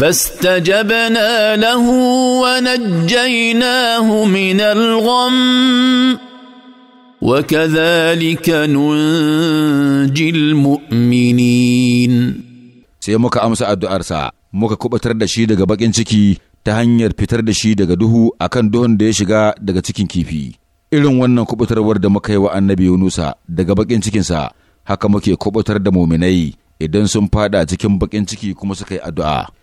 فاستجبنا له ونجيناه من الغم وكذلك ننجي المؤمنين sai muka amsa addu'arsa muka kubatar da shi daga bakin ciki ta hanyar fitar da shi daga duhu akan duhun da ya shiga daga cikin kifi irin wannan kubutarwar da muka yi wa annabi Yunusa daga bakin cikinsa haka muke kubutar da muminai idan sun fada cikin bakin ciki kuma suka yi addu'a